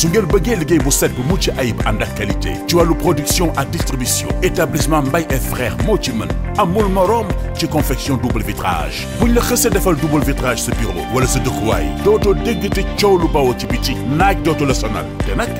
su ngeen bëggee liggéey bu set bu mucc ayib ànd ak qualité ci wàllu production ak distribution établissement Mbaye et frères moo ci mën amul morom ci confection double vitrage buñ la xësee defal double vitrage sa bureau wala sa dëkkuwaay dootoo dégg te coow lu bawoo ci biti naaj dootu la sonal te nag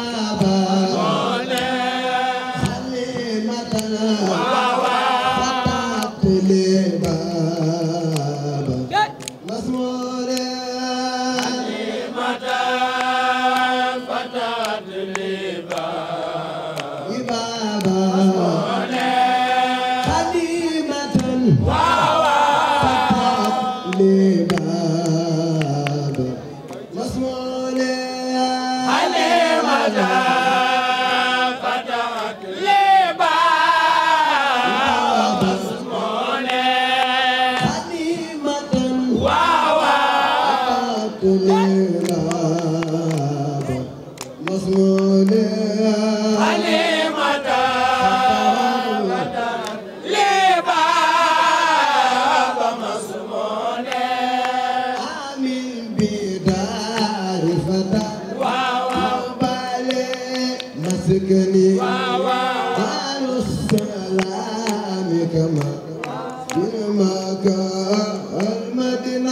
ni waaw waaw le baba masmone ale mada fatak le baba masmone ani madan waaw waaw le baba masmone ale المدينة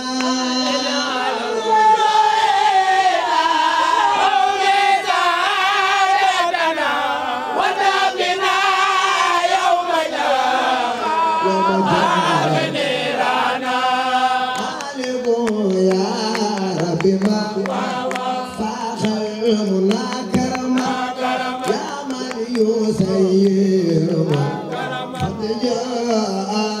بما فاخر منا كرما يا من يسير قد جاء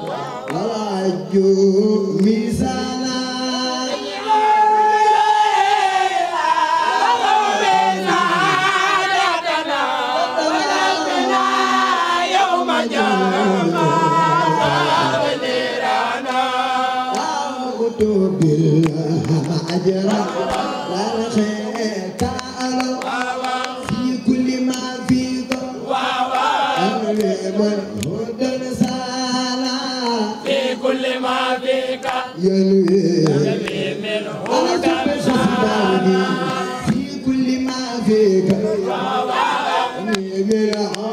بالله أجرا لا خير يلوي أنا تبقى سبحاني في كل ما فيك أنا يمين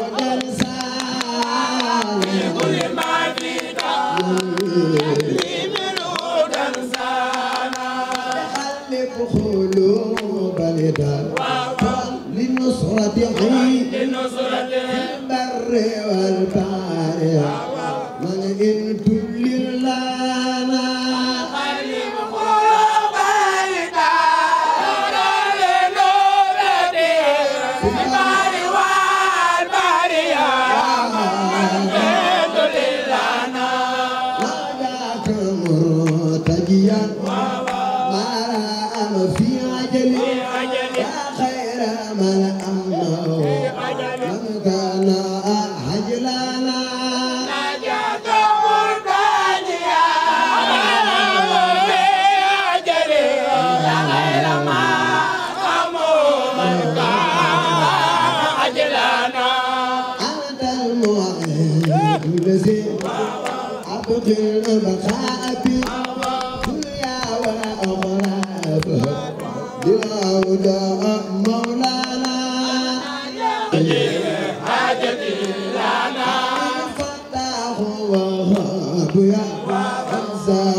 عجل يا خير من أمنه من كان عجلنا أنت المؤمن الذي أبقي البقاء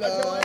Yeah.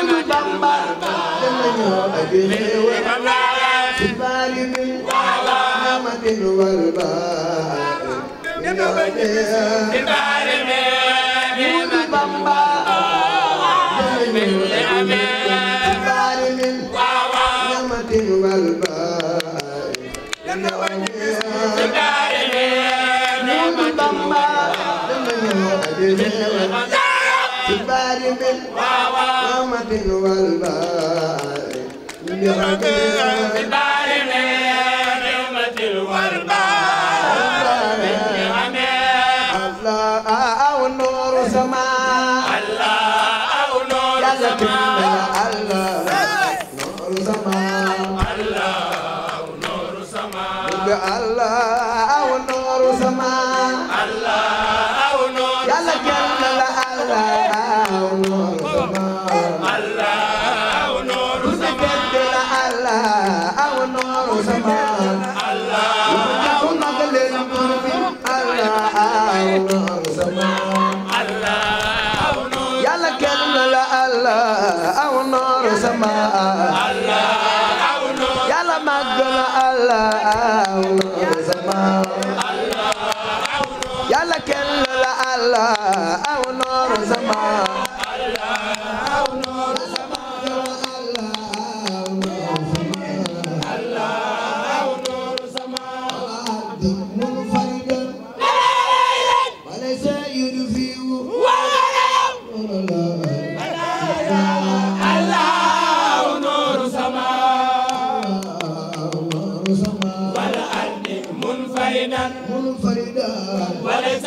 Ahmadu Bamba danañu ak xéewal ci taalibe amatin wal baar Ahmadu Bamba danañu ak Ahmadu Bamba danañu ak بالنعمة والبال برحمة الله أو نور زمان Well, it's